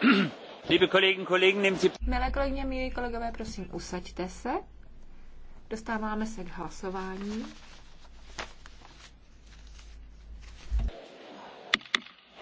Milé kolegyně, milí kolegové, prosím, usaďte se. Dostáváme se k hlasování.